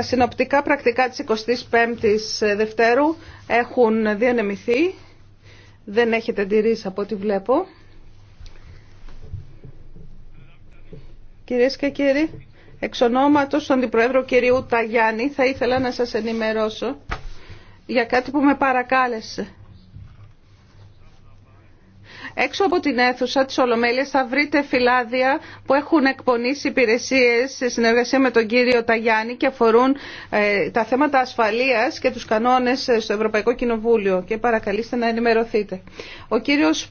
Τα συνοπτικά πρακτικά της 25ης ε, Δευτέρου έχουν διανεμηθεί. Δεν έχετε αντιρρήσει από ό,τι βλέπω. Κυρίες και κύριοι, εξ ονόματος του Αντιπροέδρου κυρίου Ταγιάννη θα ήθελα να σας ενημερώσω για κάτι που με παρακάλεσε. Έξω από την αίθουσα της Ολομέλειας θα βρείτε φυλάδια που έχουν εκπονήσει υπηρεσίες σε συνεργασία με τον κύριο Ταγιάννη και αφορούν ε, τα θέματα ασφαλείας και τους κανόνες στο Ευρωπαϊκό Κοινοβούλιο και παρακαλείστε να ενημερωθείτε. Ο κύριος